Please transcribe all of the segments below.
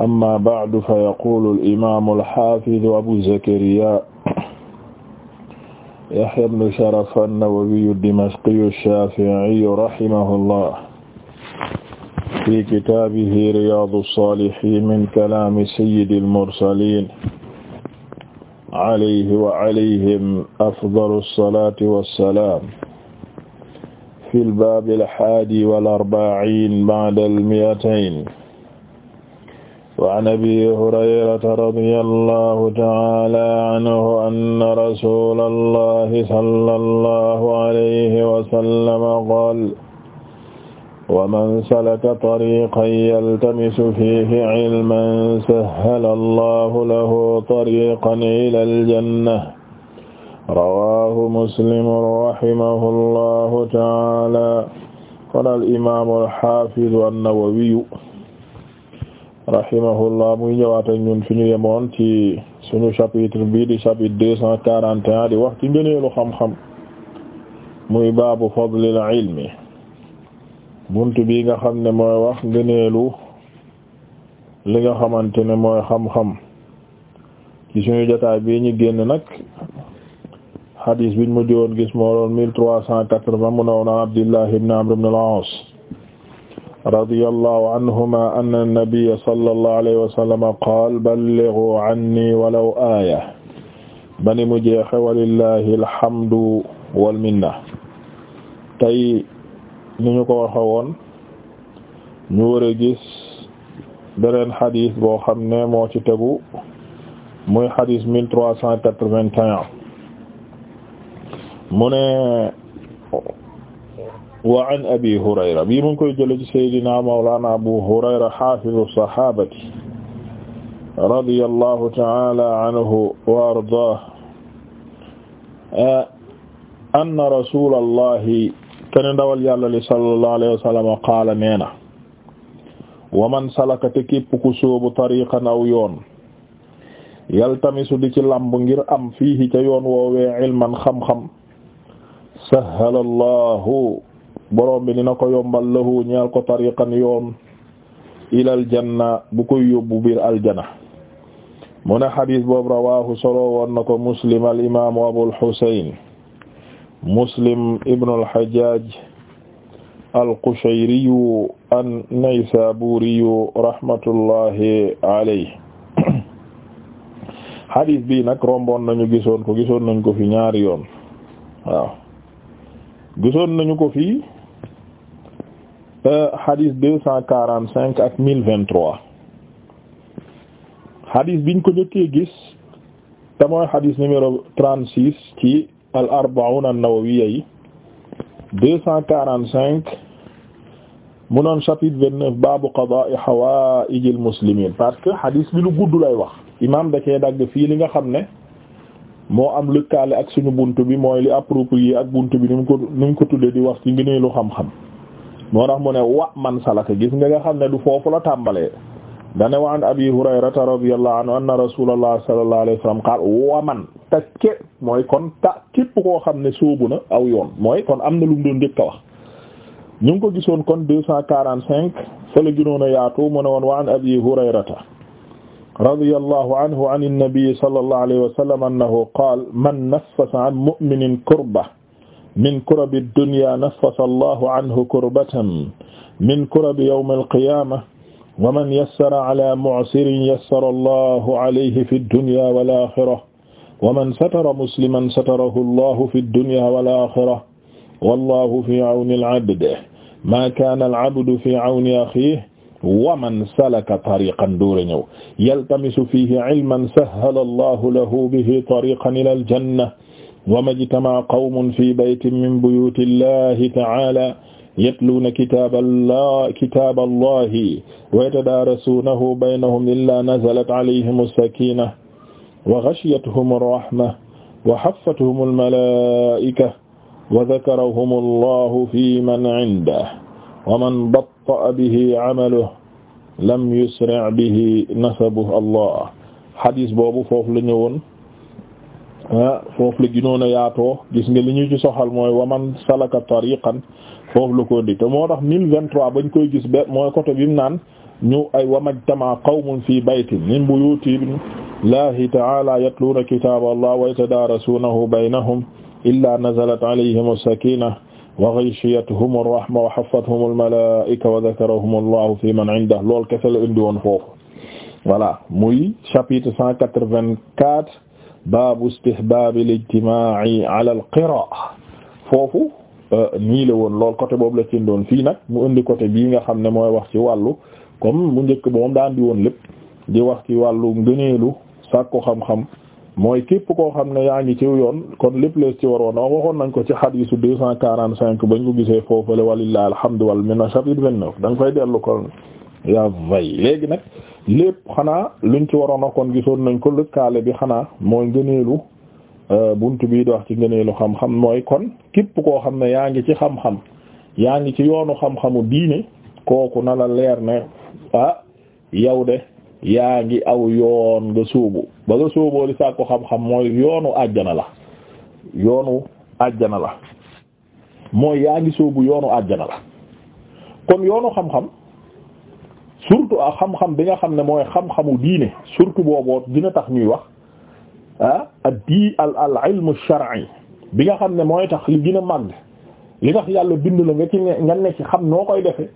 amma ba'du fa yaqulu al-imaamu al-haafidu abu zakariyaa yahyaa ibnu sharaf an-nawawiyyu ad-dimashqiyyu ash-shaafi'iyyu rahimahullah fi kitaabihi riyaadu as-saalihiin min kalaami sayyidi al-mursaliin alayhi wa alayhim afdalu as-salaati was-salaam fil baabi al-haadi wal-arbaa'iin ba'da al-mi'atayn وعن أبي هريرة رضي الله تعالى عنه أن رسول الله صلى الله عليه وسلم قال ومن سلك طريقا يلتمس فيه علما سهل الله له طريقا إلى الجنة رواه مسلم رحمه الله تعالى قال الإمام الحافظ النووي rahimahullah muy ñëwaat ak ñun fi ñu yemoon ci suñu chapitre bii di chapitre deux cent di wax ci ngëneelu xam-xam muy baabu fadlil ilmi bunt bi nga xam ne mooy wax ngëneelu li nga xamante ne mooy xam-xam ci suñu jotaay bii ñu génn nag xadiis biñ mu jowoon gis moo doon mille trois cent quatre-vingts mu ne woon Abdullah ibn Amr ibn al-As radiyallahu anhuma anna nabiyya sallallahu alayhi wa sallam qaala ballighuu anni walaw aaya bani mu jeexe walillahi alhamdu wal minna tey ni ñu ko waxe woon ñu war a gis beneen xadis boo xam ne moo ci tegu muy xadis mille trois cent quatre-vingt-un mu ne wa an abi hurayra bi mu ngi koy jële ci saydina mawlana abu hurayra hafizu sahabati radiyallahu ta'ala anhu wa ardah anna rasulallahi kene ndawal yàlla li sallallahu alayhi wa sallam qaala neena wa man salaka te képp ku sóobu tariqan aw yoon yaltamisu di ci làmb ngir am fiihi ca yoon woowee ilman xam-xam sahala allahu borom bi dina ko yombal lahu ñeel ko tariqan yoon ilal janna bu koy yóbbu biir aljana mu ne xadis boobu rawahu solo woon ko muslim al imaamu abul xusayn muslim ibnu al xajjaaj al qushayriyu an naysaburiyu rahmatullahi bi nag romboon nañu gisoon ko gisoon nañ ko fi ñaari yoon waaw gisoon nañu ko fi Euh, hadith deux cent cinq ak mille vingt trois hadith biñ ko jëkkee gis te mooy hadith numéro trente six ci al arba'un an-nawawiyya yi deux cent quarante mu noon chapitre vingt neuf baabu qadaa'i hawaa'ijil muslimiin parce que hadith bi lu gudd lay wax imaam da cee dagg fii li nga xam ne moo am lëkkaale ak suñu bunt bi mooy li approprié ak bunt bi ni mu ko ni mu ko tuddee di wax ci ngëneelu xam-xam moo tax mo ne wa man salaka gis nga nga xam ne du foofu la tàmbalee dane wa an abi hurayrata radiyallahu anhu anna rasulullah sallallahu alayhi wasallam qaal wa man te ke mooy kon ta képp koo xam ne sóobu na aw yoon mooy kon am na lu mu doon njëkk a wax ñu ngi ko gisoon kon deux cent quarante cinq fële gënoon a yaatu mu ne woon wa an abi hurayrata radiyallahu anhu an an-nabi sallallahu alayhi wasallam annahu qaal man naffasa an mu'minin kurba min kurabi dunya naffasa allahu anhu kurbatan min kurabi yawm alqiyama wa man yassara ala mu'sirin yassara allahu alayhi fi dunya wal akhirah wa man satara musliman satarahu allahu fi dunya wal akhirah wallahu fi awni al-abd ma kana al-abdu fi awni akhihi wa man salaka tariqan duura ñëw yaltamisu fihi ilman sahhala allahu lahu bihi tariqan ila al-janna wa majtama qawmun fi baytin min buyuti llahi ta'ala yatluuna kitaaballah kitaaballahi wa yatadaarasuunahu baynahum illaa nazalat alayhim as-sakiinatu wa ghashiyatuhum ar-rahmatu wa haffathum al-malaa'ikatu wa dhakarahum allahu fi man 'indahu wa man batta'a bihi 'amaluhu lam yusri' bihi nasabuhu allah hadiis boobu foofu la ñëwoon foofu la ginoon a yaatoo gis nga li ñu ci soxal mooy waman salaka tariqan foofu la ko indi te moo tax mille vingt-trois bañ koy gis be mooy côté bi mu naan ñu ay wamajtama qawmun fi baytin min buyutillahi ta'ala yatluuna kitaba allah wa yatadaarasuunahu baynahum illa nazalat alayhim as-sakinah wa ghashiyatuhum ar-rahma wa haffathum al-malaa'ika wa dhakarahum allah fi man 'indahu lool kese la indi woon foofu voilà muy chapitre cent quatre-vingt-quatre baabu istihbaabi al-ijtimaa'i ala al-qiraa'a foofu euh, nii la woon lool côté boobu la ci doon fii nag mu indi côté bii nga xam ne mooy wax ci wàllu comme bu njëkk moom daan di woon lépp di wax ci wàllu ngëneelu sàkku xam-xam mooy képp ko xam ne yaa ngi ciw yoon kon lépp lees ci waroon a waxoon nañ ko ci xadiisu deux cent quarante cinq bañ ko gisee foofale walillahi alhamdu wal minna chapitre vingt neuf da nga fay dellu kon yaa vay léegi nag lépp xanaa luñ ci waroon a kon gisoon nañ ko lëkkaale bi xanaa mooy ngëneelu euh, bunt bii di wax ci ngëneelu xam-xam mooy kon képp koo xam ne yaa ngi ci xam-xam yaa ngi ci yoonu xam-xamu diine kooku na la leer ne ah yow de yaa ngi aw yoon nga sóobu ba nga sóoboo di sàkku xam-xam mooy yoonu àjjana la yoonu àjjana la mooy yaa ngi sóobu yoonu àjjana la kon yoonu xam-xam surtout ak xam-xam bi nga xam ne mooy xam-xamu diine surtout booboo dina tax ñuy wax a ah, ak di al al ilmu shar'i bi nga xam ne mooy tax li gën a màgg li tax yàlla bind la nga ci ne nga nekk xam noo koy defe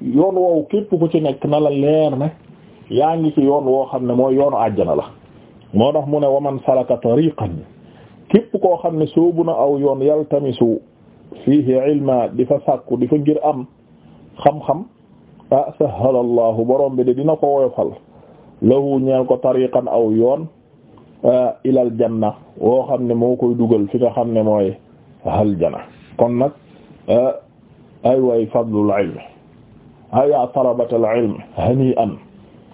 yoon woowu képp ku ci nekk na la leer ne yaa ngi ci yoon woo xam ne mooy yoonu àjjana la moo tax mu ne waman salaka tariqan képp koo xam ne soobu na aw yoon yaltamisu fiihi ilma di fa sàkku di fa ngir am xam-xam ah sahalallahu borom bi de dina ko woyofal lahu ñeel ko tariqan aw yoon ah, ilal janna woo xam ne moo koy dugal fi nga xam ne mooy hal kon nag ah, ay way fadlul ilmi ay yaa talabatul ilmi hani an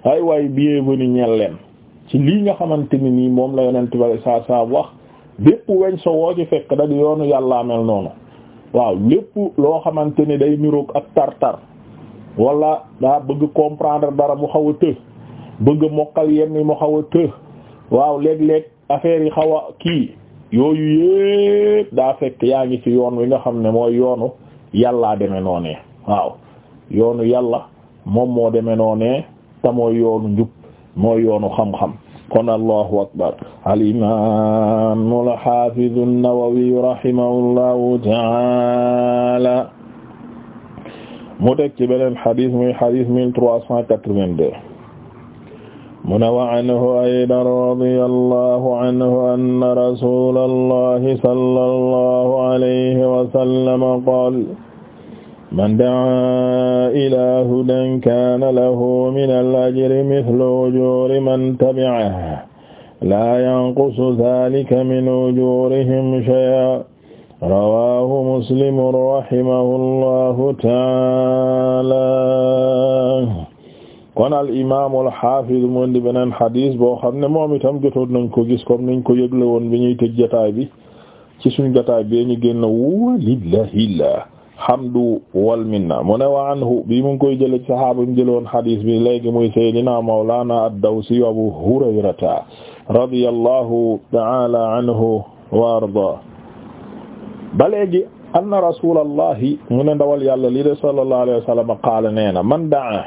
ay way bienvenue ñeel leen ci lii nga xamante ni nii moom la yonent bi saa saa wax bépp weñ so woo ci fekk da yoon yoonu yàllaa mel noonu waaw lépp loo xamante ni day niroog ak tar-tar wala daa bëgg comprendre dara mu xaw a të bëgg a mokkal yenn mu xaw a të waaw léeg-léeg affaire yi xaw a kii yooyu yépp daa fekk yaa ngi ci yoon wi nga xam ne mooy yoonu yàllaa demee noonee waaw yoonu yàlla moom moo demee noone te mooy yoonu njub mooy yoonu xam-xam kon allahu akbar al imaam al haafiz an-Nawawi rahimahullahu ta'ala mu teg ci beneen xadis muy xadis mille trois cent quatre-vingt-deux mu ne wa anhu aydan radiyallahu anhu anna rasulallahi sallallahu alayhi wa sallam qaala man da'aa ilaa hudan kaana lahu minal ajri mithlu ujuuri man tabi'ahu laa yanqusu dhaalika min ujuurihim shay'an rawaahu muslim rahimahullahu taala kon al imaam al haafiz mu indi beneen xadis boo xam ne moom itam jotoon nañ ko gis comme niñ ko yëgle woon bi ñuy tëj jotaay bi ci suñ jotaay bi ñu génn walillahi alhamdu wal minna mu wa anhu bi mu ngi koy jëlee ci sahaaba mu jëloon xadis bi léegi muy sayyidina mawlana ad-dawsi abu hurayrata radiyallahu ta'ala anhu wa arda ba léegi anna rasulallahi mu ne ndawal yàlla li de sallallahu alayhi wa sallam qaala na man daa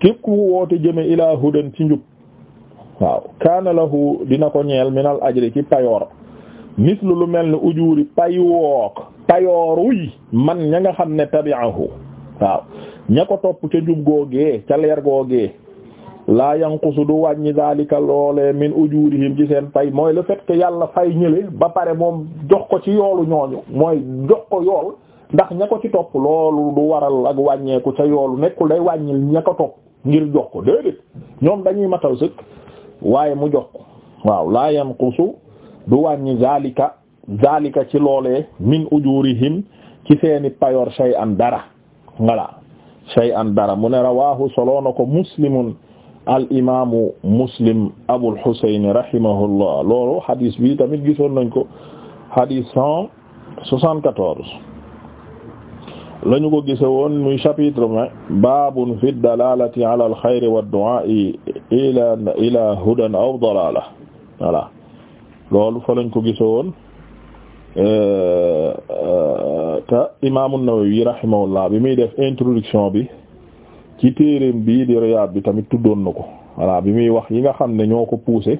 képp ku woote jëme ilaa hudan ci njub waaw kaana lahu dina ko ñeel minal ajri ci payoor mislu lu mel ni ujuuri payook payooruy man ña nga xam ne tabi'ahu waaw ña ko topp ca njub googee ca leer googee laa yanqusu du wàññi daalika loolee min ujurihim ci seen pay mooy la fait yàlla fay ñële ba pare moom jox ko ci yoolu ñooñu mooy jox ko yool ndax ña ko ci topp loolu du waral ak wàññeeku ca yoolu nekkul day wàññil ña ko topp ngir jox ko déedéet ñoom dañuy matal sëkk waaye mu jox ko waaw laa yankusu du wàññi daalika daalika ci loole min ujurihim ci seeni payoor an dara wala an dara mu ne rawahu solo na ko muslimun al imaamu muslim Abul Husayn rahimahullah loolu hadis bi tamit gisoon nañ ko cent quatorze lañu ko gise woon muy chapitre vingt baabun fi dalalati ala al xayri wa du'aa'i ila ila aw dalala voilà loolu fa lañ ko gise woon euh, euh, te imaamu Nawawi rahimahullah introduction bi ci téereem bii di Riyaad bi tamit tuddoon na ko voilà bi muy wax yi nga xam ne ñoo ko poussé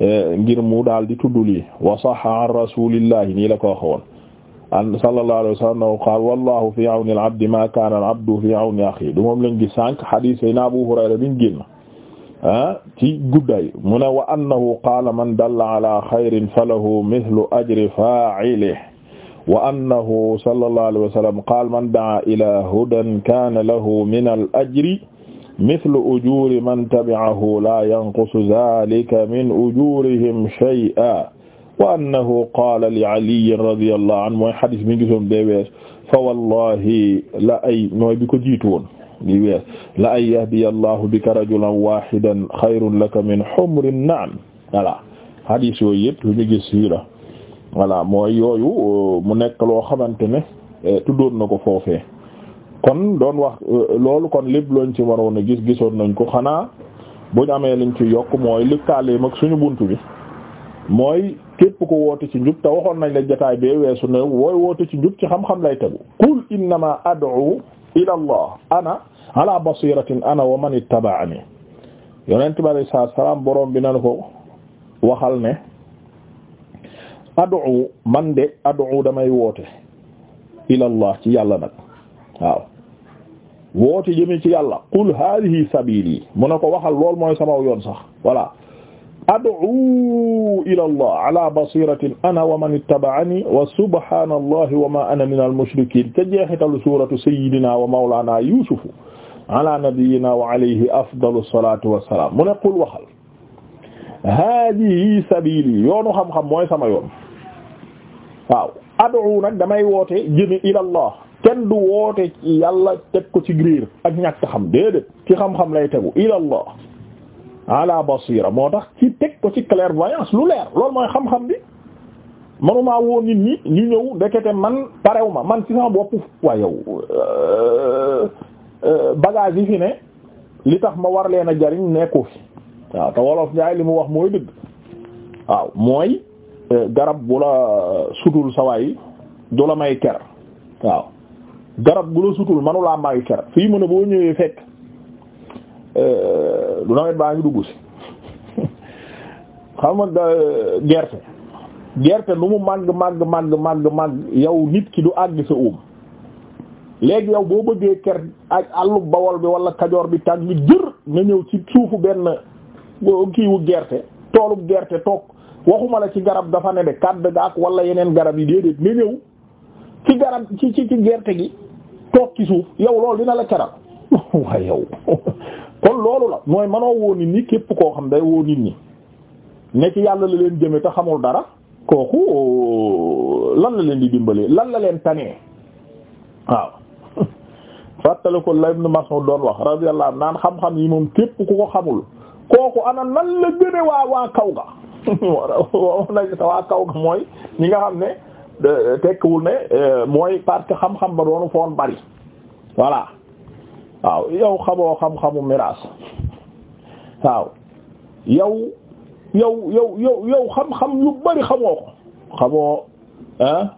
eh, ngir mu daal di tudd lii wa sahha an rasulillahi nii la ko waxoon an sallallahu alayhi wa sallam qaal wallahu fi awni al-abdi ma kaana al-abdu fi awni axi du moom lañ gi sànq hadise ay na Abu Hurayra biñ génn ah ci gudday mu ne wa annahu qaala man dalla ala xayrin falahu mithlu ajri fa'ilihi wa annahu sallallahu alayhi wa sallam qaala man da'a ilaa hudan kaana lahu minal ajri mithlu ujuuri man tabi'ahu laa yanqusu dhaalika min ujuurihim shay'an wa annahu qaala li Aliyyin radiyallahu anhu mooy xadis bi ñu gisoon bee wees fa wallaahi la ay nooy bi ko jiitu woon di wees la ay yahdiya Allahu bika rajulan waahidan xayrun laka min humri na'am voilà xadis yooyu yëpp lu ñu gis fii la. voilà mooy yooyu euh, mu nekk loo xamante ne euh, tuddoon na ko foofee kon doon wax euh, loolu kon lépp looñ ci waroon a gis gisoon nañ ko xanaa buñ amee liñ ci yokk mooy lëkkaaleem ak suñu bunt bi mooy képp ko wootu ci njub te waxoon nañ la jotaay bee weesu ne wooy woote ci njub ci xam-xam lay tegu qul innama ad'u ila allah ana ala basiratin ana wa man ittaba'ani yonent bi alayhi salaam borom bi nanu ko waxal ne ad'u man de ad'u damay woote ilallah ci yàlla nag waaw woote jëme ci yàlla qul hadhihi sabili mu ne ko waxal lool mooy samaw yoon sax voilà ad'u ilallah ala basiratin ana wa man ittaba'ani wa subhanallahi wa ma ana min al-mushrikin ca jeexitalu suratu sayyidina wa mawlana yusuf ala nabiyyina wa alayhi afdalu salatu wassalam mu ne qul waxal hadihi sabili yoonu xam-xam mooy sama yoon waaw ad'u nag damay woote jëme ilallah kenn du woote yàlla teg ko ci griir ak ñàkk xam déedéet ci xam-xam lay tegu ilallah ala basira moo tax ci teg ko ci clairvoyance lu leer lool mooy xam-xam bi manuma woo nit ñi ñu ñëw ndekete man parewu ma man ci sama bopp waa yow euh, euh, bagage yi fi ne li tax ma war leen a jariñ nekku fi waaw te wolof Njaay li mu wax mooy dëgg waaw mooy garab bu la sutul sawaay du la may ker waaw garab bu la sutul manulaa may ker fii mu ne boo ñëwee fekk euh, du nawet baa ngi dugg si xam nga euh, gerte gerte lu mu màgg màgg màgg màgg màgg yow nit ki du àgg sa uum léegi yow boo bëggee ker ak àllu bawol bi wala kajoor bi tàgg bi jër nga ñëw ci suufu benn kiiwu gerte toolu gerte toog waxuma la ci garab dafa ne de kàdd gaak wala yeneen garab yi déedéet nga ñëw ci garab ci ci gerte gi toog ci suuf yow loolu dina la keral waaye yow kon loolu la mooy mënoo woo nit ñi képp koo xam day woo nit ñi ne ci yàlla la leen jëme te xamul dara kooku lan la leen di dimbalee lan la leen tanee waaw fàttali ko la Ibn doon wax radiyallahu naan xam-xam yi moom képp ku ko xamul kooku ana nan la gëne waa waa kaw ga waaw nag sa waa kaw ga mooy ñi nga xam ne tekkiwul ne euh, mooy parce que xam-xam ba doonu foon bari voilà waaw yow xamoo xam-xamu miraas waaw yow yow yow xam-xam yu bari xamoo ko xamoo ah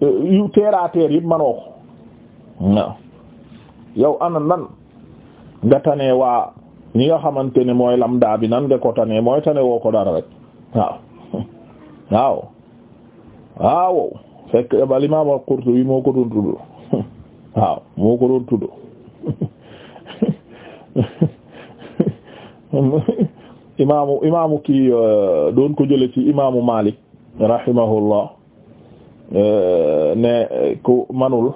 yu teeraateer yi manoo ko yow ana nan nga tane waa ñi nga xamante ne mooy lamda bi nan nga ko mooy tane woo dara rek waaw waaw waaw fekk al imam al-Qurtubi moo ko doon tudd waaw moo ko doon tudd imaamu imaamu kii euh, doon ko jële ci imaamu Malik rahimahullah euh, ne ku manul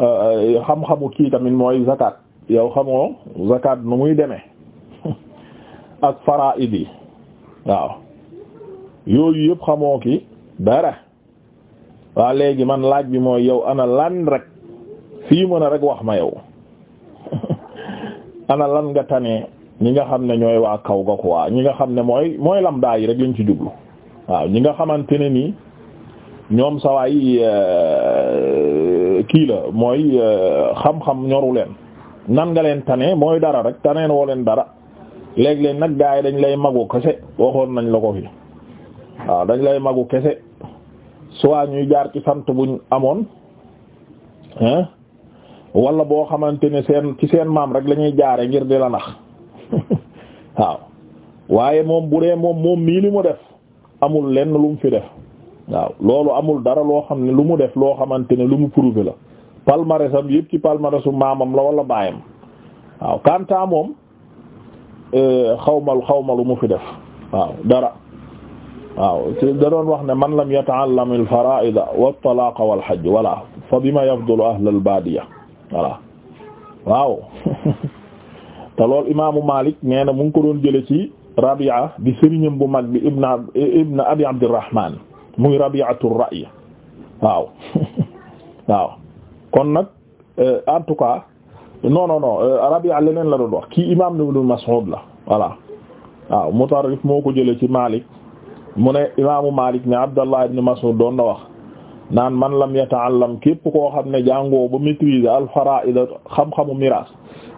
euh, xam-xamu kii tamit mooy zakat yow xamoo zakat nu muy demee ak faraid yi waaw yooyu yëpp xamoo ki dara waa léegi man laaj bi mooy yow ana rek fii mën a rek wax ma yow ana lan nga tane ñi nga xam ne ñooy waa kaw ga quoi ñi nga xam ne mooy mooy lamda yi rek lañ ci jublu waaw ñi nga xamante ne nii ñoom sawaay euh, kii la mooy euh, xam-xam ñoru leen nan nga leen tane mooy dara rek taneen woo leen dara léeg-léeg nag gaa yi dañ lay magu kese waxoon nañ la ko fi waaw dañ lay magu kese soit ñuy jaar ci sant bu ñu amoon hein wala boo xamante ne seen ci seen maam rek lañuy jaare ngir di la nax waaw waaye moom bu dee moom moom mii li mu def amul lenn lu mu fi def waaw loolu amul dara loo xam ne lu mu def loo xamante ne lu mu prouvé la palmarèsam yëpp ci palmarèsu maamam la wala baayam waaw kanta moom xawmal euh, xawmalu mu fi def waaw dara wax ne man lam yata'allam al fara'id wa talaq wal hajj wala fa bima yafdulu ahl al badiya wala waaw te lool imaamu Malik nee na mu ngi ko doon ci Rabi'a bi sëriñam bu mag bi ibn ibn Abi Abdurrahman muy Rabi'atu ar-Ra'y kon nag euh, en tout cas non non non euh, Rabi' leneen la doon wax kii imaam Ibn Mas'ud la voilà waaw Mutarrif moo ko jëlee ci Malik mu ne imaamu Malik ne Abdallah ibn Mas'ud doon na wax naan man lam yata'allam képp koo xam ne jàngoo ba maîtriser al-fara'id xam-xamu miraas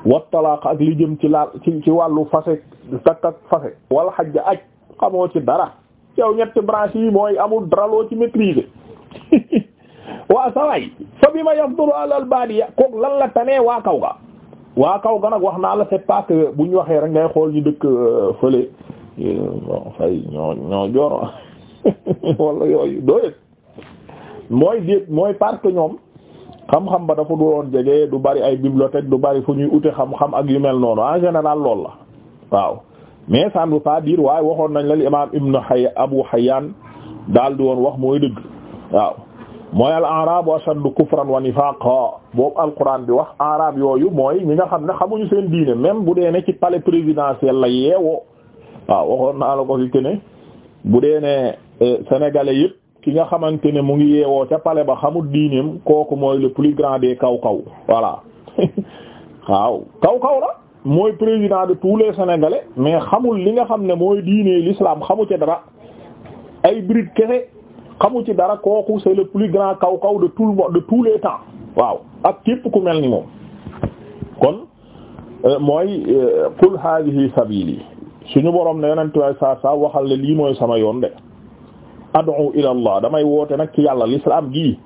wa talaaq ak ci laal ci ci wàllu fase takk ak fase wal hajj aj xamoo ci dara yow ñetti branches yi mooy amul draloo ci maîtriser waa sawaay fa bi ma yafdulu alal baadiya kook lan la tanee waa kaw ga waa kaw ga nag wax naa la c'est pas que bu ñu waxee rek ngay xool ñu dëkk euh, fële bon fay ñoo ñoo jooro wala yooyu doyet mooy déet mooy parce ñoom xam-xam ba dafa woon jege du bari ay bibliothèque du bari fu ñuy ute xam-xam ak yu mel noonu en général lool la waaw mais ça ne veut waaye waxoon nañ la li imaam ibnu Hayy Abu Hayyan daal di woon wax mooy dëgg waaw mooy al arabu ashaddu kufran wa nifaqa boobu alquran bi wax arab yooyu mooy ñi nga xam ne xamuñu seen diine même bu dee ne ci palais présidentiel la yeewoo waaw waxoon naa la ko fi ne bu dee ne eh, sénégalais yëpp ki nga xamante ne mu ngi yeewoo ca pale ba xamul diineem kooku mooy le plus grand des kaw kaw voilà waaw kaw kaw la mooy président de tous les sénégalais mais xamul li nga xam ne mooy diine l'islam xamu ca dara ay bride xamu ci dara kooku c'est le plus grand kaw kaw de tout le de tous les temps waaw ak képp ku mel ni moom kon euh, mooy euh, qul hadhihi sabili suñu borom ne yonentu waay saa saa waxal ne lii mooy sama yoon de ad'u ila allah damay woote nag ci yàlla l'islam gii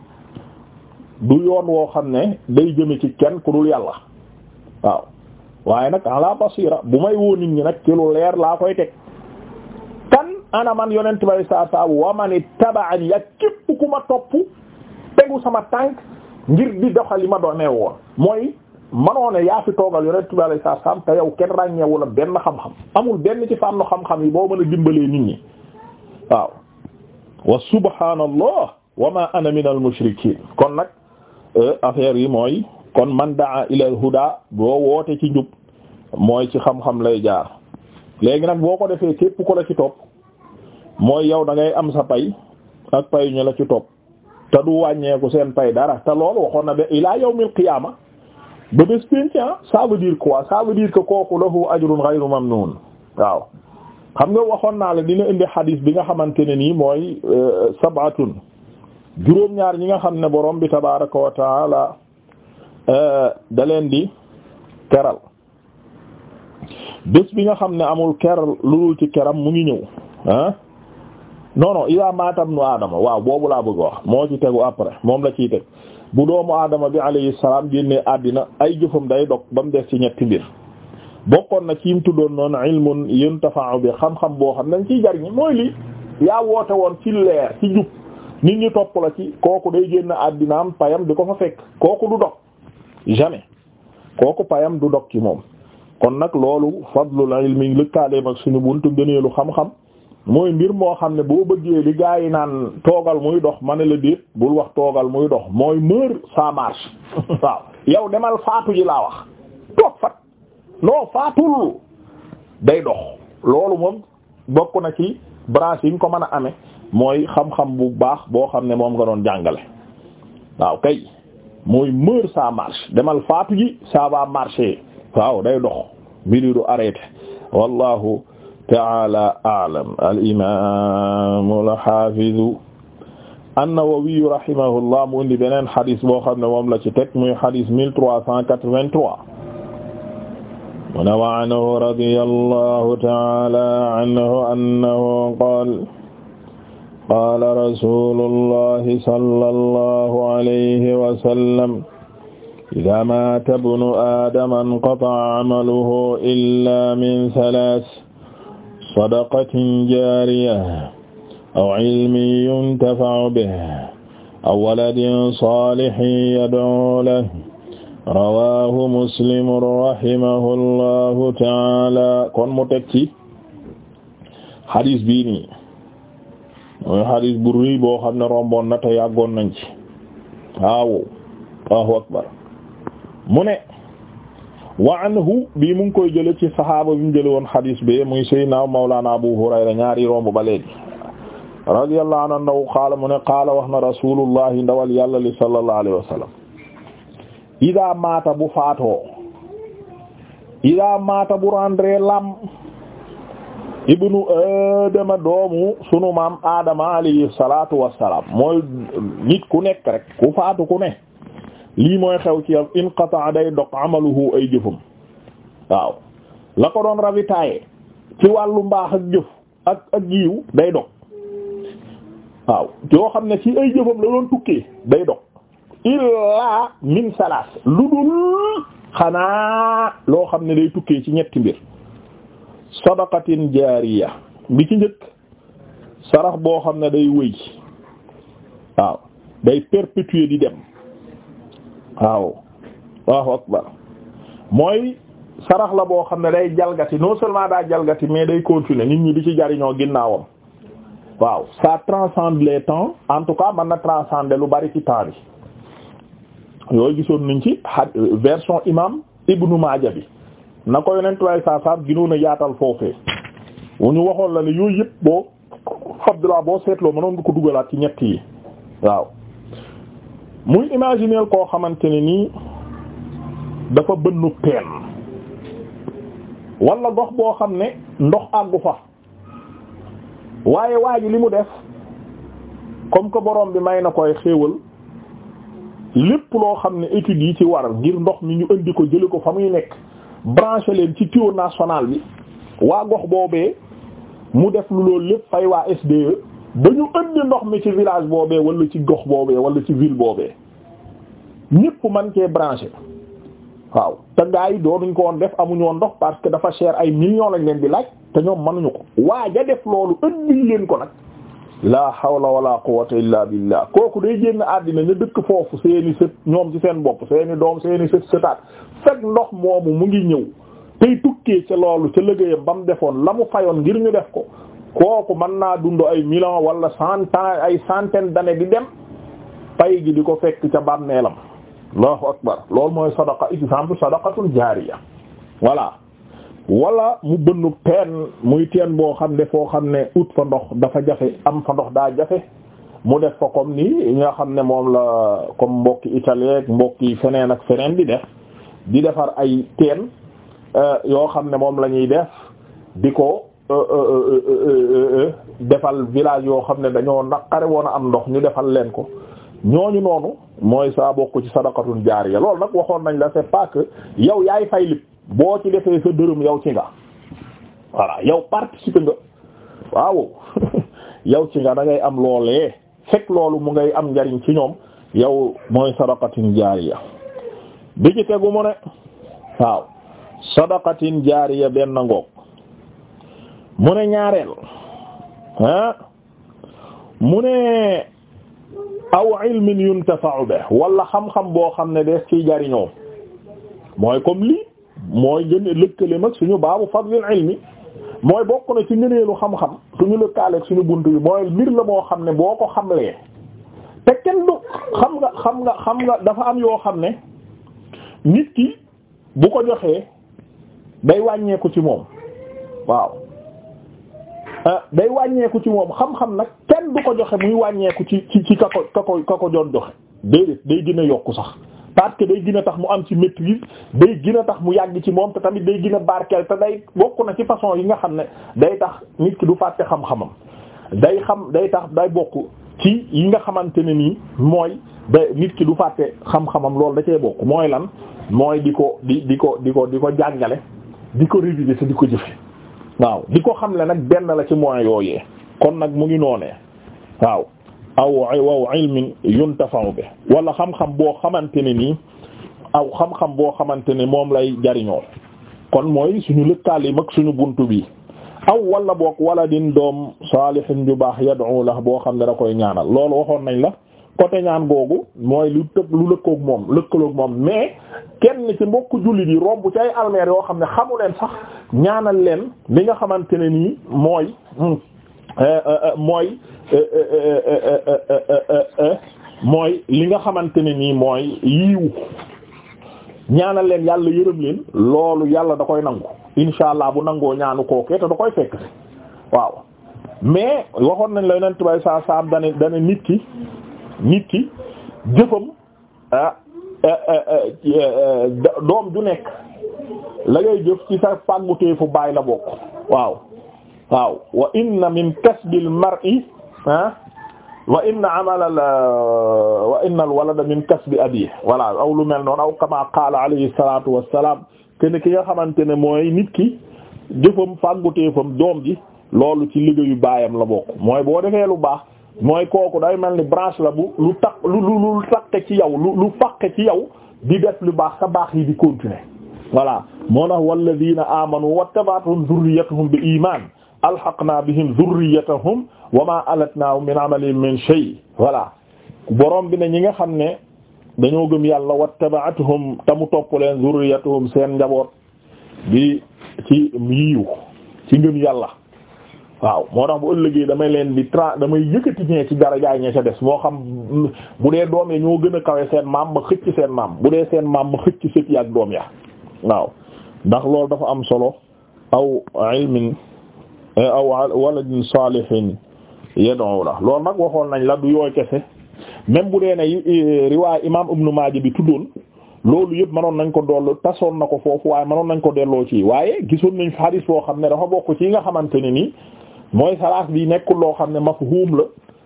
du yoon woo xam ne day jëme ci kenn ku dul yàlla waaw waaye nag ala basira bu may woo nit ñi nag ci lu leer laa koy teg ana man yonent bay saa saabu wa man ittaba'ani ak képp ku ma topp tegu sama tànk ngir di doxal li ma doonee woon mooy manoo ne yaa fi toogal yonent bay saa saabu te yow kenn ràññeewu la benn xam-xam amul benn ci fànn xam-xam yi boo mën a dimbalee nit ñi waaw wa subhaanallah wa ma ana minal kon nag euh, affaire yi mooy kon man daa ilal huda boo woote ci njub mooy ci xam-xam lay jaar léegi nag boo ko defee képp ko la ci topp mooy yow da ngay am sa pay ak pay ñu la ci topp te du wàññeeku seen pay dara te loolu waxoon na ba ilaa yawmil qiyaama ba bés péntian ah, ça veut quoi ça veut dire que kooku lahu ajrun ghayru mamnun waaw xam nga waxoon naa la dina indi xadiis bi nga xamante ne nii mooy euh, sabatun juróom-ñaar ñi nga xam ne boroom bi tabaraka wa taala euh, da leen di keral bés bi nga xam ne amul ker lu dul ci keram mu ngi ñëw ah. non non idaa maata ibnu waaw boobu laa bëgg wax moo ci tegu après moom la ciy teg bu doomu aadama bi alayhi salaam génnee àddina ay jëfam day dog ba mu des ci ñetti mbir bokkoon na ci mu tuddoon noonu ilmun yuntafa'u bi xam-xam boo xam dañ ciy jariñ mooy lii yaa woote woon ci leer ci jub nit ñi topp la ci kooku day génn àddinaam payam di ko fa fekk kooku du dog jamais kooku payam du dog ci moom kon nag loolu fadlul ilmi lëkkaaleem ak suñu buntu gëneelu xam-xam mooy mbir moo xam ne boo bëggee li gaa yi naan toogal muy dox ma ne la déet bul wax toogal muy dox mooy meur ça marche waaw yow demal faatu ji laa wax toog fat non faatul day dox loolu moom bokk na ci branche yi nga ko mën a amee mooy xam-xam bu baax boo xam ne moom nga doon jàngale waaw kay mooy meur ça marche demal faatu ji ça va marcher waaw day dox mbir du arrêté wallahu ta'ala a'lam al-imam al-hafiz an-Nawawi rahimahullah mu indi beneen xadis boo xam ne moom la ci teg muy xadis 1383 mu ne wa anhu radiyallahu ta'ala anhu annahu qala qala rasulullahi sallallahu alayhi wa sallam idha mata ibnu adama inqata'a amaluhu illa min thalath sadaqatin jaariya aw ilmin yuntafa'u bihi aw waladin saalihin yad'uu lahu rawaahu muslim rahimahullahu taala kon mu teg ci xadis bii nii mooy xadis bu rëy boo xam ne romboon na te yàggoon nañ ci waaw Allahu akbar mu ne wa anhu bii mu ngi koy jële ci saxaaba bi mu jële woon xadiis bi muy Seydina Mawlana Abu Hurayra ñaari romb ba léegi radiyallahu anhu qaala mu ne qaala wax na rasulullahi ndawal yàlla li sallallahu alayhi wa sallam ida maata bu faatoo ida maata bu rendre lam ibnu adama doomu sunu maam aadama alayhi salatu wassalam mooy nit ku nekk rek ku faatu ku ne lii mooy xew ci inqata day dog amaluhu ay jëfam waaw la ko doon ravitaaye ci wàllu mbaax ak jëf ak ak yiw day dog waaw yoo xam ne ci ay jëfam la doon tukkee day dog illaa min salaas lu dul xanaa loo xam ne day tukkee ci ñetti mbir sadaqatin jaariya bi ci njëkk sarax boo xam ne day wëy waaw day perpétuer di dem waaw waaw akbar mooy sarax la boo xam ne day jalgati non seulement daa jalgati mais day continuer nit ñi di ci jariñoo ginnaawam waaw sa transcende les temps en tout cas mën na transcender lu bari ci temps bi yooyu gisoon nañ ci version imam Ibnu Maaja bi na ko yonent way saa saam ginoon a yaatal foofee wu ñu waxoon la ne yooyu yëpp boo Abdullah boo seetloo mënoon nga ko dugalaat ci ñett yi waaw muy imaginer koo xamante ne nii dafa bënnu teen wala gox boo xam ne ndox àggu fa waaye waa ji li mu def comme que borom bi may na koy xéewal lépp loo xam ne études yi ci war ngir ndox mi ñu indi ko jële ko fa muy nekk branché leen ci tuyau national bi waa gox boobee mu def lu loolu lépp fay waa SDE ba ñu indi ndox mi ci village boobee wala ci gox boobee wala ci ville boobee ñépp man kee branché waaw te gaa yi doonuñ ko woon def amuñoo ndox parce que dafa cher ay millions lañ leen di laaj te ñoom mënuñu ko waa ja def loolu ëndil leen ko nag la hawla wala quwwata illa billah kooku day génn àddina ñu dëkk foofu seeni sët ñoom ci seen bopp seeni doom seeni sët sëtaat fekk ndox moomu mu ngi ñëw tey tukkee ca loolu ca liggéeyam ba mu defoon la mu fayoon ngir ñu def ko kooku mën naa dund ay millions wala cent ay centaine d'années di dem pay gi di ko fekk ca bàmmeelam allahu akbar loolu mooy sadaqa exemple sadaqatul jaariya voilà wala mu bënnu teen muy teen boo xam ne foo xam ne ut fa ndox dafa jafe am fa ndox daa jafe mu def fa kom nii nga xam ne moom la comme mbokki italien ak mbokki feneen ak feneen di def di defar ay teen euh, yoo xam ne moom lañuy ñuy def di ko Euh, euh, euh, defal village yoo xam ne dañoo naqare woon a am ndox ñu defal leen ko ñooñu noonu mooy saa bokk ci sadaqatun ya loolu nag waxoon nañ la c'est pas que yow yaay fay lib boo ci defee sa dërëm yow ci nga voilà yow participer waaw yow ci nga dangay am loolee fekk loolu mu ngay am njariñ ci ñoom yow mooy sadaqatin jaariya bi ci tegu mu ne waaw sadaqatin jaariya benn ngoog mu ne ñaareel ah, mu ne aw ilmin yuntafa'u be wala xam-xam boo xam ne dees ciy jariñoo mooy comme lii mooy gën lëkkale mag suñu baabu fadlil ilmi mooy bokk na ci ngëneelu xam-xam suñu lëkkaaleeg suñu bunt bi mooy mbir la moo xam ne boo ko xamlee te kenn du xam nga xam nga xam nga dafa am yoo xam ne nit ki bu ko joxee day wàññeeku ci moom waaw Ah, day wàññeeku ci moom xam-xam nag kenn du ko joxe muy wàññeeku ci ci ci ka ko ka ko ka ko doon joxe déedéet day gën a yokku sax parce day gën a tax mu am ci maîtrise day gën a tax mu yàgg ci moom te tamit day gën a barkeel te day bokk na ci façon yi nga xam ne day tax nit ki du fàtte xam-xamam day xam day tax day bokk ci yi nga xamante ne nii mooy da nit ki du fàtte xam-xamam loolu da cee bokk mooy lan mooy di ko di di ko di ko di ko jàngale di ko réviser te di ko jëfe waaw di ko xam xamle nag benn la ci moyens yooyee kon nag mu ngi noonee waaw aw waw ilmin yuntafa'u bi wala xam-xam boo xamante ne nii aw xam-xam boo xamante ne moom lay jariñoo kon mooy suñu lëkkaal yi ak suñu bunt bi aw walla wala boog waladin doom saalihin ju baax yad'u la boo xam ne da koy ñaanal loolu waxoon nañ la côté ñaan googu mooy lu tëb lu lëkkoog moom lëkkalook moom mais kenn ci mbokk jullit yi romb ci ay almeer yoo xam ne xamu leen sax ñaanal leen li nga xamante ne nii mooy mooy mooy li nga xamante ne nii mooy yiiw ñaanal leen yàlla yërëm leen loolu yàlla da koy nangu insha allah bu nangoo ñaanu kookee te da koy fekk waaw mais waxoon nañ la yonent bay saa saam dane dane nit ki nit ki jëfam ah, ah, ah, doom ju nekk la ngay jëf ci sa baay la bokk waaw waaw wa inna min kasbil mar'i ah wa inna amala wa inna al walada min kasbi abiih wala aw lu mel noonu aw kama qaala alayhi salatu wassalam ken ki nga xamante ne mooy nit ki jëfam fàgguteefam doom ji loolu ci liggéeyu baayam la bokk mooy boo defee lu baax mooy kooku day mel ni branche la bu lu tax lu lu lu takke ci yow lu lu faqe ci yow di def lu baax sa baax yi di continuer voilà moo tax walladina amanu wattaba'athum dhurriyyatuhum bi iman alhaqna bihim dhurriyyatahum wa ma alatnahum min amalihim min shay voilà borom bi ne ñi nga xam ne dañoo gëm yàlla wattaba'athum te mu topp leen dhurriyyatuhum seen njaboot bi ci yiiw ci ngëm yàlla waaw moo tax bu ëllëgee damay leen di tra damay yëkkati ñee ci jaay ñee ca des moo xam bu dee doom ya ñoo gën a kawe seen maam ma xëcc seen maam bu dee seen maam ma xëcc sët ak doom ya waaw ndax loolu dafa am solo aw ilmin aw waladin salihin yad'u la loolu nag waxoon nañ la du yooy kese même bu dee ne eh, riwaay imam Ibn Maaja bi tuddoon loolu yëpp manoon nañ ko dollu tasoon na ko foofu waaye mënoon nañ ko delloo ci waaye gisoon nañ fi hadis boo xam ne dafa bokk ci yi nga xamante ne nii mooy salaas bi nekkul loo xam ne mafhum la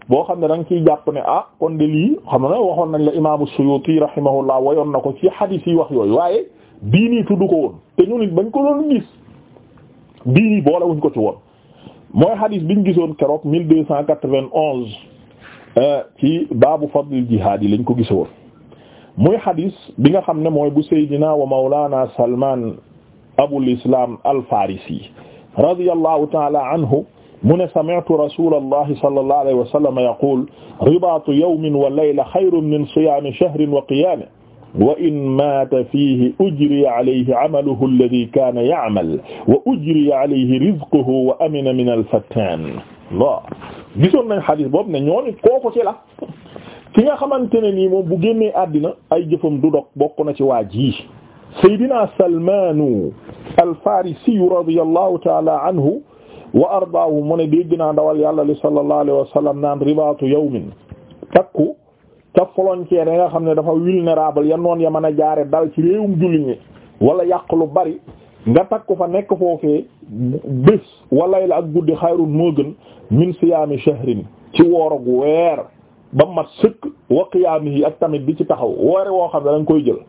boo xam ne da nga ciy jàpp ne ah kon lii xam nga waxoon nañ la imaamu Suyuti rahimahullah wayoon na ko ci hadith yi wax yooyu waaye bii nii tudd ko woon te ñu nit bañ ko doon gis bii nii boole wuñ ko ci woon mooy hadith biñ gisoon keroog mille deux cent quatre-vingt-onze euh, ci baabu fadlil jihaad yi lañ ko gisoon muy hadith bi nga xam ne mooy bu Seydina wa Mawlana Salman abul Islam al Farisi radiyallahu ta'ala anhu mu ne sami'tu rasulallahi sallallahu alayhi wa sallam yaqul ribaatu yawmin wa layla xayrun min siyaami shahrin wa qiyaamihi wa in maata fiihi ujriya alayhi amaluhu alladhi kaana ya'mal wa ujriya alayhi rizquhu wa amina min al-fattaan waaw gisoon nañ xadis boobu ne ñooñu kooku ci la ki nga xamante ne nii moom bu génnee àddina ay jëfam du dog bokk na ci waa ji Seydina Salmaanu al-Faarisi radiyallahu ta'ala anhu wa ardaahu mu ne dégg naa dawal yàlla li sallallahu alayhi wa sallam naan ribaatu yawmin takku ca frontière yi nga xam ne dafa vulnérable ya noon ya mën a jaare dal ci réewum julli wala yàq lu bari nga takku fa nekk foofee bés walay la ak guddi xayrun moo gën min siyaami shahrin ci woor gu weer ba mat sëkk wa qiyaamihi ak tamit bi ci taxaw woore woo xam ne dañ koy jël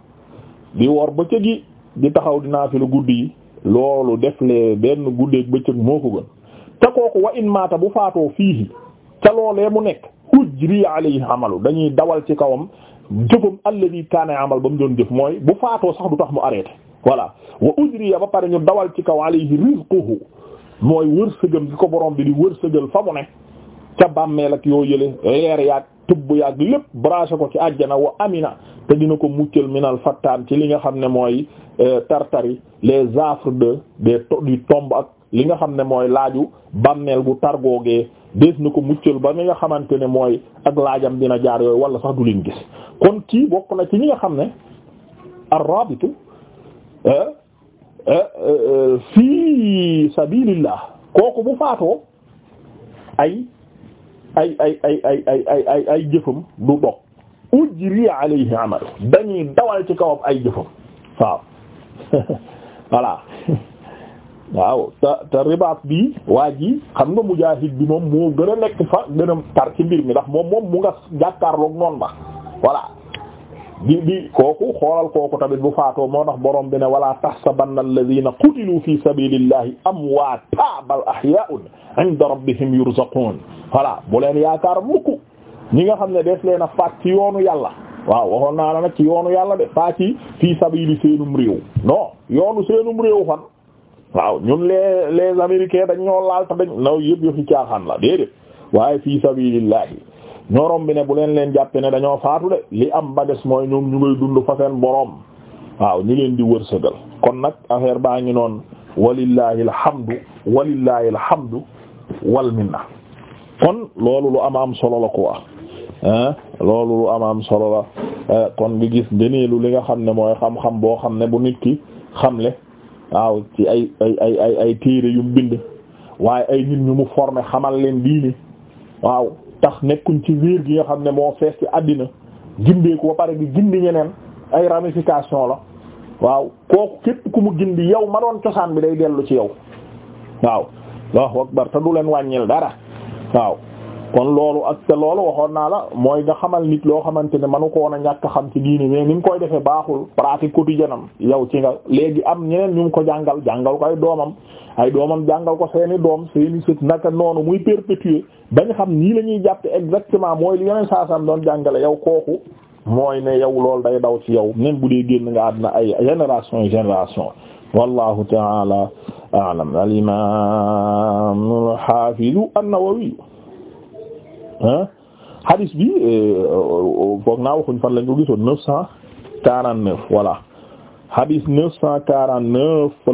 di woor bëccëg yi di taxaw di naafilu guddi yi loolu def lee benn guddeeg bëccëg moo te kooku wa in bu faatoo fiihi ca loolee mu nekk ujri yi amalu dañuy dawal ci kawam jëfam alladhi kaana amal ba mu doon jëf mooy bu faatoo sax du tax mu arrêté voilà wa ya ba pare ñu dawal ci kaw alayhi rizquhu mooy wërsëgam gi ko borom bi di wërsëgal fa mu ne ca bàmmeel ak yoo yële leer yaag tubb yaag lépp branché ko ci àjjana wa amina te dina ko muccal minal fattaan ci li nga xam ne mooy euh, tartari les affres de des du ak li nga xam ne mooy laaju bàmmeel gu targoogee dees na ko muccal ba mi nga xamante ne mooy ak laajam dina jaar yooyu wala sax du leen gis kon kii bokk na ci ñi nga xam ne ar-rabitu eh, eh, eh, fii sabilillah kooku bu faatoo ay ay ay ay ay jëfam du dog ujri alayhi amal dañuy dawal ci kawam ay jëfam waaw voilà waaw te te ribaat bi waa ji xam nga mujaahid bi moom moo gën a a tar ci mbir mi moom moom mu nga jàkkaarloog noonu ba voilà di di kooku xoolal kooku tamit bu faatoo moo tax borom bi ne wala tahsabanna alladhina qutilu fi sabilillahi amwaata bal ahyaa'un 'inda rabbihim yurzaquun voilà bu leen yaakaar mukk ñi nga xam ne def leen a faat ci yoonu yàlla waaw waxoon naa la nag ci yoonu yàlla de faat ci fii sabili seenum réew non yoonu seenum réew fan waaw ñun lee les américains dañ ñoo laal te dañ naw yëpp yëfi caaxaan la déedéet waaye fii sabilillahi ñorom bi ne bu leen leen jàppe ne dañoo faatu de li am ba des mooy ñoom ñu ngay dund fa seen boroom waaw ñu leen di wërsëgal kon nag affaire baa ngi noonu walillahi alhamdu walillahi alhamdu wal minna kon loolu lu am am solo la quoi ah loolu lu am am solo la eh, kon gi gis ngëneelu li nga xam ne mooy xam-xam boo xam ne bu nit ki xamle waaw ci ay ay ay ay ay téere yu mu bind waaye ay nit ñu mu formé xamal leen diine waaw tax nekkuñ ci wiir gi nga xam ne moo fees ci àddina gindeeku ba pare gi gindi ñeneen ay ramification la waaw kooku képp ku mu gindi yow ma doon cosaan bi day dellu ci yow waaw Allahu akbar te du leen wàññil dara waaw kon loolu ak te loolu waxoon naa la mooy nga xamal nit loo xamante ne manu ko woon a ñàkk xam ci diini mais ni mu koy defee baaxul pratique quotidienne am yow ci nga léegi am ñeneen ñu ngi ko jàngal jàngal ko ay doomam ay doomam jàngal ko seeni doom seeni sët naka noonu muy perpétuer bañ xam nii la ñuy jàppe exactement mooy li yeneen saasam doon jàngale yow kooku mooy ne yow loolu day daw ci yow même bu dee génn nga àddina ay génération génération wallahu taala a'lam al imam al hafiz an-Nawawi ah hadis bi euh, euh, foog naa waxuñ fan lañ ko gisoon neuf cent voilà hadis neuf cent quarante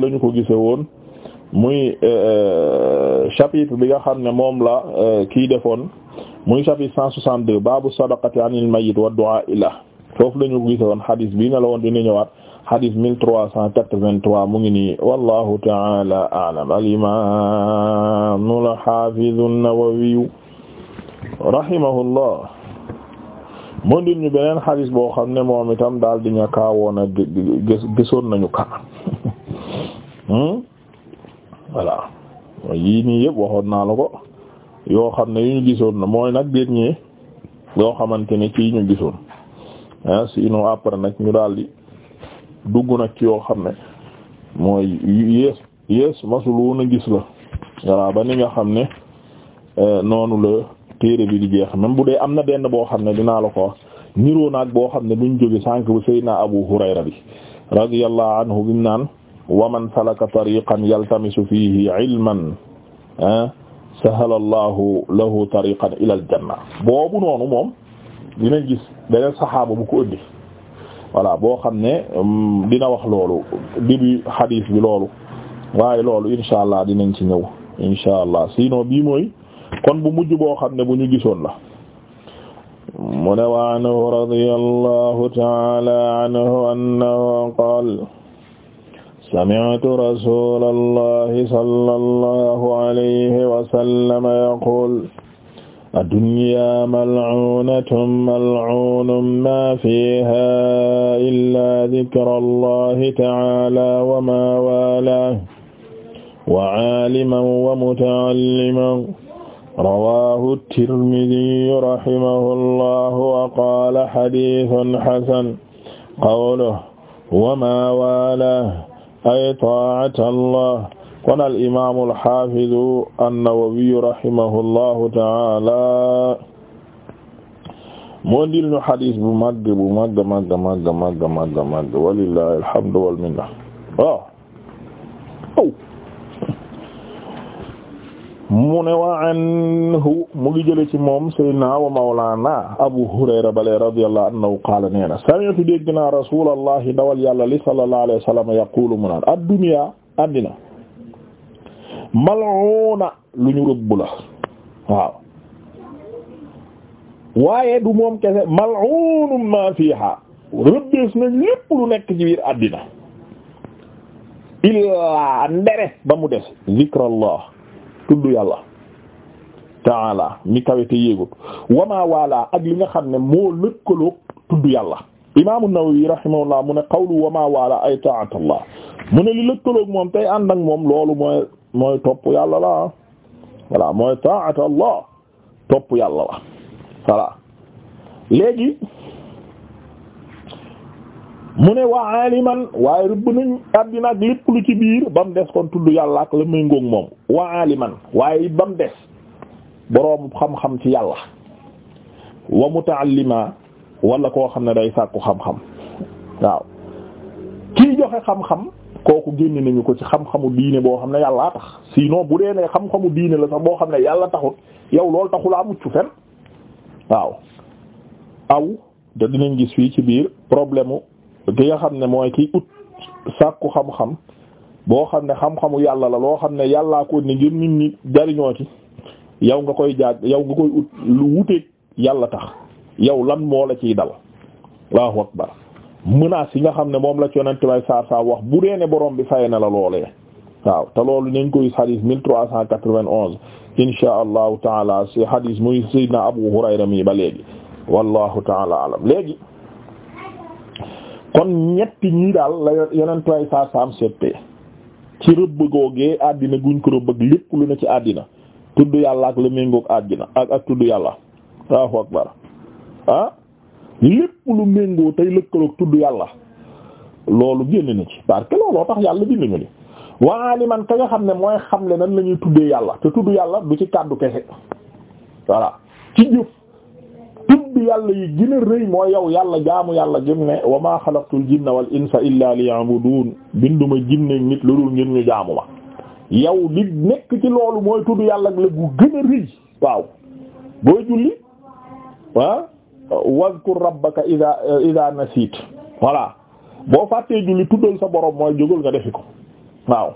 ñu ko gise woon muy euh, chapitre bi nga xam ne moom la kii defoon muy chapitre cent soixante deux baabu sadaqati anil mayyit wa du'a ila foofu la ñu ko gise woon hadis bi na la woon dina ñëwaat hadis mille trois cent quatre-vingt-trois mu ngi nii wallahu ta'ala a'lam al imam al hafiz rahimahullah mu ndil ñu beneen xaalis boo xam ne moom itam daal di ñu kaawoon a gisoon nañu ka hmm? voilà yii nii yëpp waxoon naa la ko yoo xam ne yi ñu gisoon na mooy nag dernier yoo xamante ne ci ñu gisoon ah sinon après nag ñu daal di dugg nag ci yoo xam ne mooy yees yees masul woon a gis la voilà ba ni nga xam ne euh, noonu la téere bi di jeex même bu dee am na benn boo xam ne dinaa la ko wax niroo naag boo xam ne buñ jóge sànk bu Seydina Abu Hurayra bi radiyallahu anhu bi mu naan wa man salaka tariqan yaltamisu fihi ilman sahala allahu lahu tariqan ila al janna boobu noonu moom dinañ gis beneen saxaaba bu ko ëndi voilà boo xam ne mm, dina wax loolu début hadith bi loolu waaye loolu insha allah dinañ ci mooy kon bu mujj boo xam ne bu ñu gisoon la mu ne wa anhu radiyallahu ta'ala anhu annahu qaala sami'tu rasulallahi sallallahu alayhi wa sallam yaqul ad-dunya mal'unatun mal'unun ma fiha illa dhikrullahi ta'ala wa ma walahu wa 'aliman wa muta'alliman rawaahu tirmidiyu rahimahullah wa qaala xadiisun xasan qawluhu wa maa waalaahu ay taa'ata Allah kon al imaamu al xaafidu an-Nawawiyu rahimahullahu ta'aala moo dil ñu xadiis bu màgg bu màgg màgg màgg màgg màgg màgg walillaahi alhamdu wal minna waaw mu ne wa anhu mu ngi jële ci moom sayyidina wa mawlana abu hurayra bale radiyallahu anhu qaala nee na sami'tu dégg naa rasulallahi ndawal yàlla li sallallahu alayhi mu naan ad-dunya àddina mal'una lu ñu rëbb la waaw waaye du moom kese mal'unun ma fiha rëbbees nañ lépp nekk ci biir àddina illaa ndere ba mu des zikrallah tudd yàlla taala mi kawete yéegut wamaa waalaa ak li nga xam ne moo lëkkaloog tudd yàlla imaamu Nawawi rahimahullah mu ne qawlu wamaa waalaa ay taatullah mu ne li lëkkaloog moom tey ànd ak moom loolu mooy mooy topp yàlla la voilà mooy taatullah topp yàlla la voilà mu ne waa aliman waaye rëbb nañ àddina ak lépp lu ci biir ba mu des kon tudd yàlla ak la muy ngóog moom waa aliman waaye it ba mu des boroom xam-xam ci yàlla wa mutaallima wala koo xam ne day sàkku xam-xam waaw kii joxe xam-xam kooku génne nañu ko ci xam-xamu diine boo xam ne yàllaa tax sinon bu dee ne xam-xamu la sax xam ne yàlla taxut yow loolu taxulaa mucc fen waaw aw da dinañ gis fii ci biir problème ki nga xam ne mooy kiy ut sàkku xam-xam boo xam ne xam-xamu yàlla la loo xam ne yàllaa ko ne ngir nit ñi jariñoo ci yow nga koy jaaj yow nga koy ut lu wuteeg yàlla tax yow lan moo la ciy dal Allahu akbar menaces yi nga xam ne moom la ci yonente bay saar saa wax bu dee ne borom bi fay na la loolee waaw te loolu nañ koy xadis mille trois cent quatre-vingt-onze insha allahu taala si xadis muy sayyidina Abu Hurayra mi ba léegi wallahu taala alam léegi kon ñetti ñii daal la yonent way saa saam settee ci rëbb googee àddina guñ ko rëbb ak lépp lu ne ci àddina tudd yàlla ak la méngoog àddina ak ak tudd yàlla Allahu akbar ah lépp lu yàlla loolu génn na ci parce looloo tax yàlla bind ñu ni waali man ka nga xam ne mooy xamle nan lañuy tuddee yàlla te tudd yàlla du ci kàddu kese voilà ci jëf tudd yàlla yi gën a rëy mooy yow yàlla jaamu yàlla gëm ne wa maa xalaqtul jinna wal insa illaa liya'buduun binduma jinne nit lu dul ngir ñu jaamu ma yow li nekk ci loolu mooy tudd yàlla la gu gën a rëy waaw booy julli ah wazkur rabbaka ida ida nasiit voilà boo fàttee julli tuddal sa borom mooy jógal nga defi ko waaw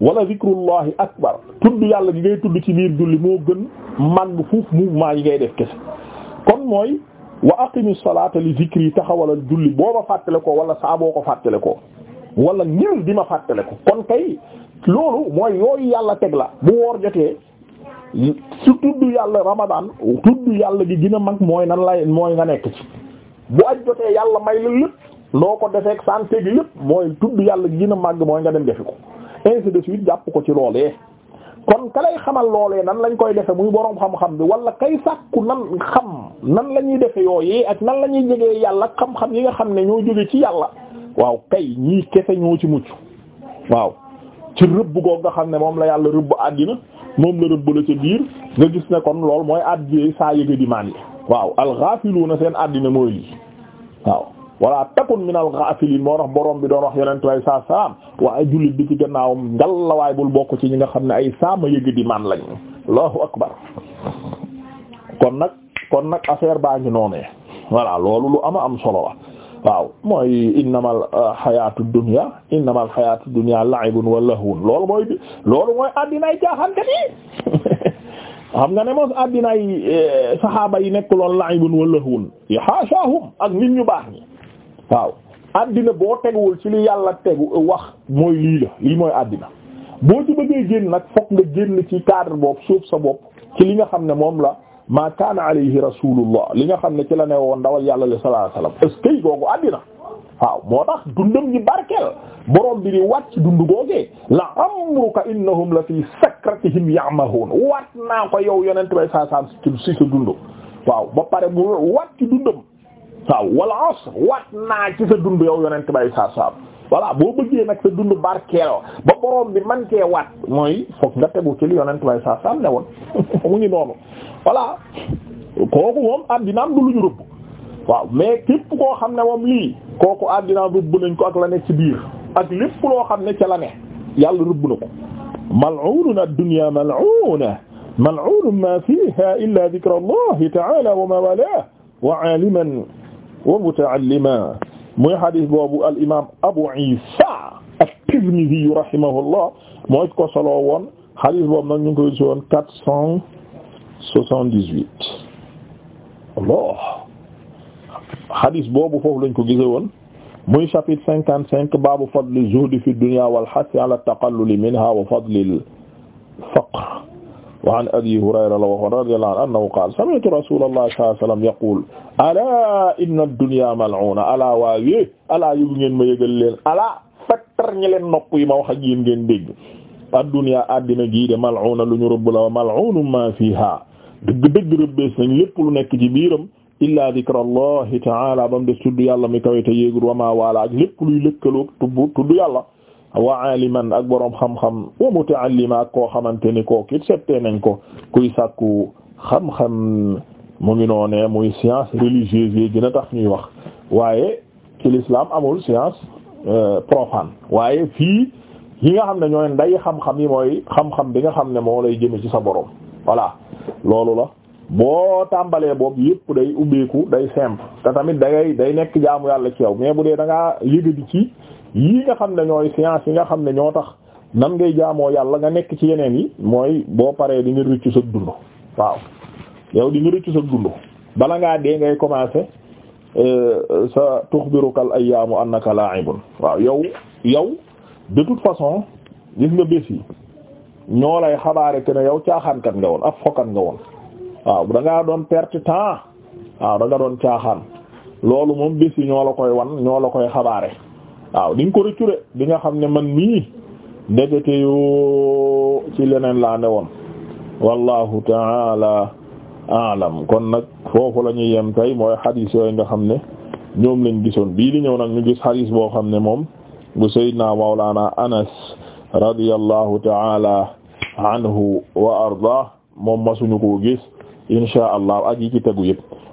wala zikrullahi akbar tudd yàlla gi ngay tudd ci biir julli moo gën man fuuf mouvement yi ngay def kese kon mooy wa aqimi salata li zikri taxawalal boo booba fàttale ko wala saa ko fàttale ko wala ngir di ma fàttale ko kon kay loolu mooy yooyu yàlla teg la bu woor jotee su tudd yàlla ramadan tudd yàlla gi gën mag mooy nan lay mooy nga nekk ci bu aj jotee yàlla may la lépp loo ko defeek santé gi lépp mooy tudd yàlla gi gën a mag mooy nga dem defi ko ainsi de suite jàpp ko ci loolee kon ka lay xamal loolee nan lañ koy defe muy boroom xam-xam bi wala kay sàkku nan xam nan la ñuy defe yooyee ak nan la ñuy jegee yàlla xam-xam yi nga xam ne ñoo jóge ci yàlla waaw kay ñii kese ñoo ci mucc waaw ci rëbb goog nga xam ne moom la yàlla rëbb àddina moom la rëbb la ca biir nga gis ne kon lool mooy àddina saa yëga di maan yi waaw alxaafiluuna seen àddina mooy lii waaw wala takun minal ghafilin moo tax borom bi doon wax yeneen way saa saam waaye jullit bi ci gannaawam ngal la bul bokk ci ñi nga xam ne ay saama yëg di man lañ allahu akbar kon nag kon nag affaire baa ngi noonee voilà loolu lu ama am solo waaw mooy innamal euh, xayaatu dunya innamal xayaatu dunya la'ibun wa lahwun loolu mooy loolu mooy addinaay jaaxankat xam nga ne moos addinaay euh, saxaaba yi nekk loolu la'ibun wa lahwun xaasaahum ak nit ñu baax ñi waaw àddina boo teguwul ci li yàlla tegu wax mooy lii la lii mooy àddina boo ci bëggee génn nag fokk nga génn ci cadre boobu suuf sa bopp ci li nga xam ne moom la ma kaana alayhi rasulullah li nga xam ne ci la ne woon ndawal yàlla la sallallahu alayhi wasallam est-ce googu àddina waaw moo tax dundam ñi barkeel borom bi di wàcc dund googee la amruka innahum la fi sakratihim ya'mahun wat naa ko yow yonent bay saa saa si sa dund waaw ba pare mu wat ci dundam waaw wal asr waat naa ci sa dund yow yonent bay saa saab voilà boo bëggee nag sa dund barkeel ba borom bi man kee waat mooy nga tegu ci li yonent bay saa saab ne woon mu ngi noonu voilà kooku moom àddina am du lu ñu waaw mais képp koo xam ne moom lii kooku àddina rëbb nañ ko ak la ne ci biir ak lépp loo xam ne ca la ne yàlla rëbb na ko mal'unun ad ma fiha illa dhikra ta'ala wa ma walah wa 'aliman wa muta'allima muy hadis boobu al imaam Abu Isa at-Tirmidhi rahimahullah mooy ko solo woon hadis boobu nag ñu ngi koy si woon quatre cent soixante-dix-huit Allah hadis boobu foofu lañ ko gisee woon muy chapitre cinquante cinq baabu fadli zuhdi fi dunya wal hasi ala taqalluli minha wa fadlil faqr wa an abi hurayra la waxoon radiyallahu anhu annahu qaala sami'tu rasulallahi sallallahu alayhi wa sallam yaqul alaa inna ad-dunya mal'una alaa waaye alaa yëgu ngeen ma yëgal leen alaa fattar ñi leen nopp yi ma wax ak yéen ngeen dégg ad-dunya addina gii de mal'una lu ñu rëbb la wa mal'unun ma fiha dëgg-dëgg rëbbees nañ lépp lu nekk ci biiram illaa dhikrallahi ta'ala ba mu des tudd yàlla mi kawe te yéegul wa ma wala ak lépp luy lëkkaloo tudd yàlla wa aliman ak boroom xam-xam wa muta'allima ak koo xamante ni kooku it seetee nañ ko kuy sàkku xam-xam mu ngi noonee muy science religieuse yi gën a tax ñuy wax waaye ci l'islam amul science euh, profane waaye fii yi nga xam ne ñooy nday xam-xam yi mooy xam-xam bi nga xam ne moo lay jëme ci sa boroom voilà loolu la boo tàmbalee boobu yépp day ubbeeku day simple te tamit da ngay day nekk jaamu yàlla ci yow mais bu dee da ngaa di ci yii nga xam ne ñooy science yi nga xam ne ñoo tax nan ngay jaamoo yàlla nga nekk ci yeneen yi mooy boo paree di nga rëccu sa dund waaw yow di nga rëccu sa dund bala ngaa dee ngay commencer euh, sa tuxbirukal ayyaamu annaka la'ibun waaw yow yow de toute façon gis nga bés ñoo lay xabaare que ne yow caaxaankat nga woon ak fokkat nga woon waaw da doon perte temps waaw da doon caaxaan loolu moom bés yi ñoo la koy wan ñoo la koy xabaare waaw di nga ko rëccu de nga xam ne man mii ndekete yoo ci leneen laa ne woon wallahu taala alam kon nag foofu la ñuy yem tay mooy xadis yooyu nga xam ne ñoom lañ gisoon bii di ñëw nag ñu gis xadis boo xam ne moom bu sayyidina mawlana anas radiyallahu taala anhu wa arda moom masuñu koo gis insha allah ak yi ci tegu yëpp